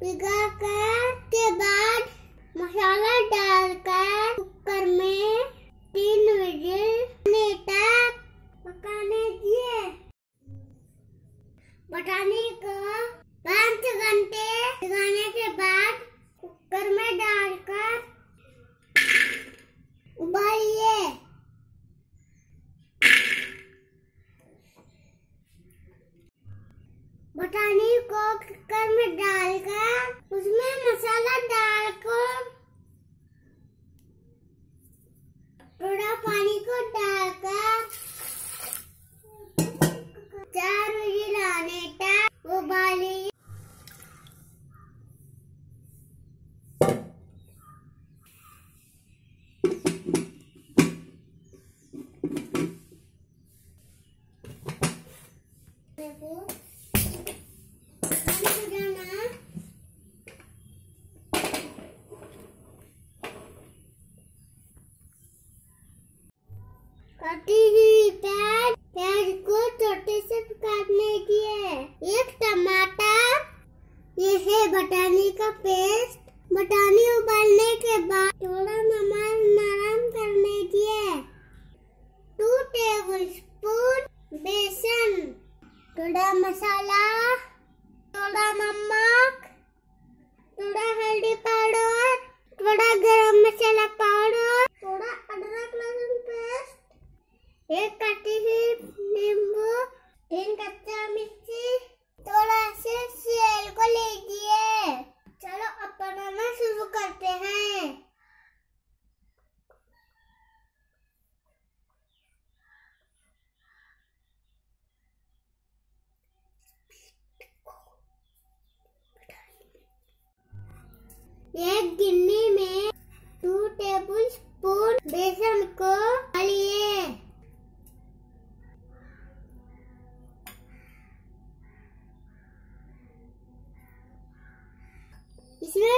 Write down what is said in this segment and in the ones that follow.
पिघा कर के बाद मसाला डालकर कुकर में तीन विजिल तक पकाने दिए बटाने को पाँच घंटे पकाने के बाद पानी को डालकर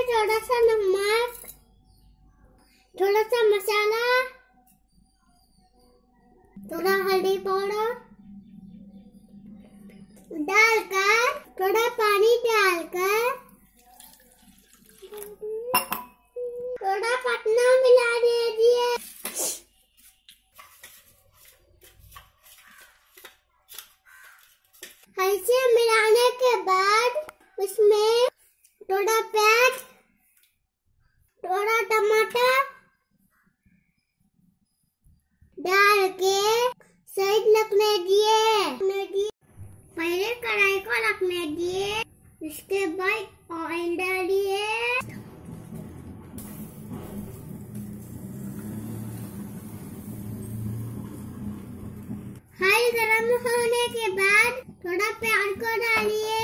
में थोड़ा सा नमक थोड़ा सा मसाला थोड़ा हल्दी पाउडर डालकर थोड़ा पानी डालकर थोड़ा पटना मिला गरम गर्म होने के बाद थोड़ा प्याज को डालिए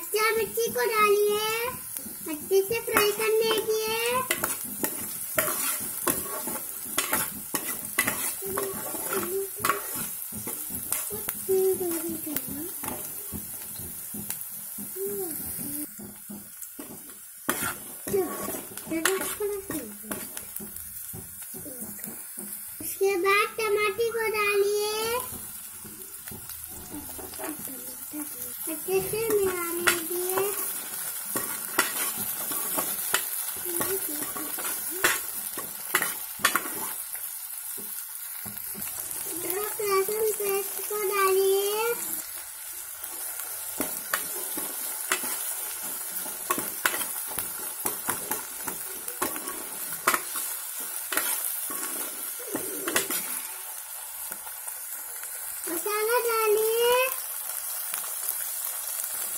अच्छा मिर्ची को डालिए अच्छे से फ्राई करने इसके बाद टमाटर को डालिए अच्छे से मिलाने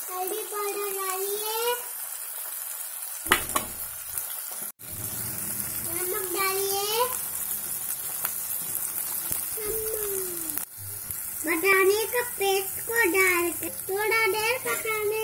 हल्दी पाउडर डालिए नमक डालिए बटाने का पेस्ट को डाल थोड़ा देर पकाने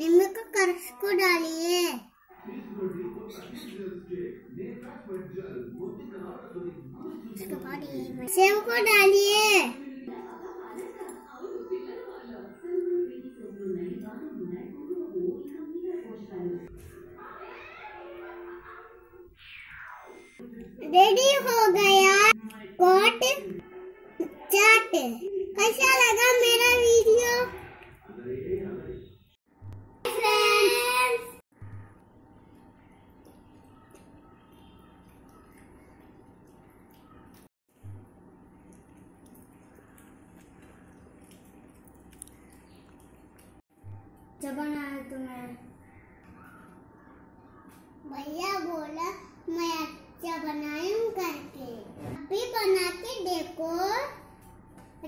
निम्न का कर्स को डालिए सेव को डालिए रेडी हो गया कॉट चाट कैसा लगा मेरा वीडियो जब आया तुम्हें भैया बोला मैं अच्छा बनाऊं करके अभी बना के देखो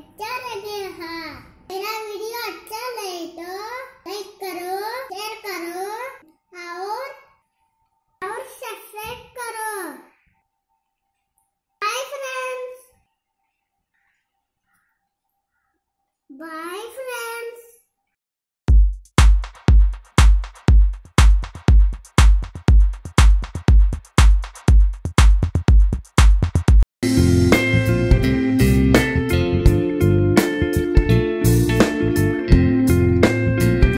अच्छा लगे हाँ मेरा वीडियो अच्छा लगे तो लाइक करो शेयर करो और और सब्सक्राइब करो बाय फ्रेंड्स बाय फ्रेंड्स